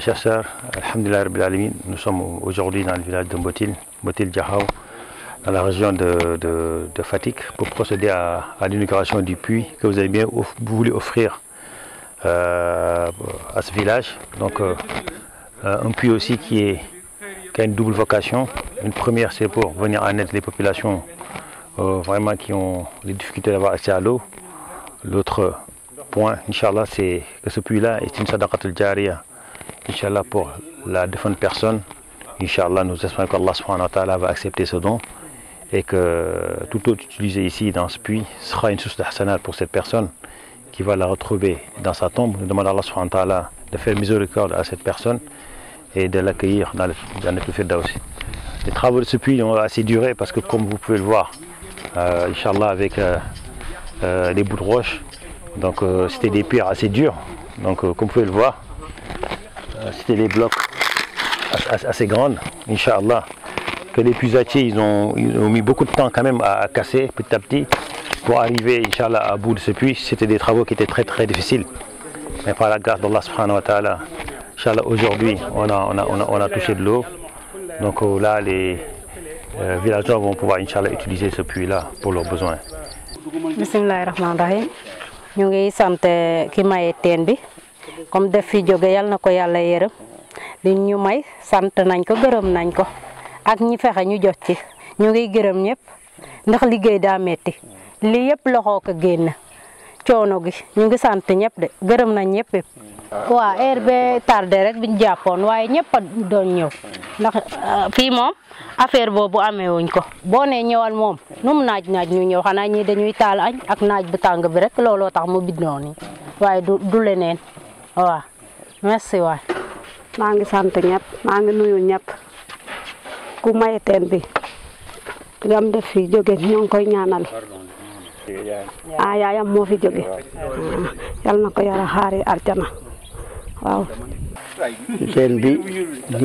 Chers sœurs, Alhamdulillah nous sommes aujourd'hui dans le village de Mbotil, Mbotil Djahao. dans la région de, de, pour procéder à, à l'inauguration du puits que vous avez bien voulu offrir euh, à ce village. Donc euh, euh, un puits aussi qui, est, a une double vocation. Une première c'est pour venir en aide les populations vraiment qui ont les difficultés d'avoir accès à l'eau. L'autre point, Inch'Allah, c'est que ce puits-là est une al jariya. Inch'Allah pour la défendre personne. Inch'Allah, nous espérons que Allah va accepter ce don et que tout autre utilisé ici dans ce puits sera une source d'hassanat pour cette personne qui va la retrouver dans sa tombe. Nous demandons à Allah subhanahu wa ta'ala de faire miséricorde à cette personne et de l'accueillir dans le firda aussi Les travaux de ce puits ont assez duré parce que comme vous pouvez le voir, euh, Inch'Allah avec euh, euh, les bouts de roche, donc euh, c'était des pierres assez dures donc comme vous pouvez le voir, c'était des blocs assez, assez grands, Inch'Allah que les puits ils ont, ils ont mis beaucoup de temps quand même à casser petit à petit pour arriver, Inch'Allah, à bout de ce puits. C'était des travaux qui étaient très très difficiles. Mais par la grâce d'Allah subhanahu wa ta'ala, Inch'Allah, aujourd'hui, on a, on, a, on, a, touché de l'eau. Donc oh, là, les euh, villageois vont pouvoir, Inch'Allah, utiliser ce puits-là pour leurs besoins. Bismillahirrahmanirrahim. ñu ngi santé eh, ki maye m'a bi comme des filles de yal na ko yàlla li ñu may nañ ak ñi fexé ñu jox ci ñu ngi gërëm ñëpp ndax liggéey da metti li yépp loxo ko genn coono gi ñu ngi sant ñëpp de gërëm na ñëpp wa rb tardé rek biñu jàppoon waye ñëpp do doon ñëw ndax euh, fi mom affaire bobu amé wuñ ko bo né ñëwal mom num naaj naaj ñu ñëw xana ñi dañuy taal añ ak naaj bu tang bi rek lolo tax mu bindoo nii waye du du leneen wa merci wa maa ngi sant ñëpp ngi nuyu ñëpp ku maye ten bi gam def fi joge ñong koy ñaanal ah, a yaayam mo fi joge yal nako yara xari arjana waaw ten bi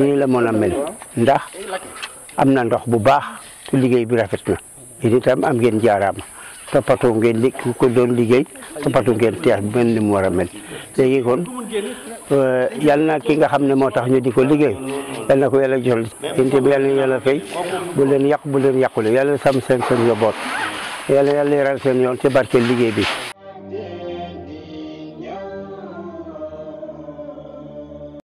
ni la mo na mel ndax am ndox bu baax te liggey bi rafet na yéen am ngeen jaaram topatu ngeen li ko doon liggey topatu ngeen teex ben mel ni mu war mel legi kon Euh, yal na ki nga xam ne moo tax ñu di ko liggéey yal na ko yàlla jël yéen bi yal na yàlla fay bu leen yàq bu leen yàqule yàlla sam seen seen njaboot yàlla yàlla yaral seen yoon ci barke liggéey bi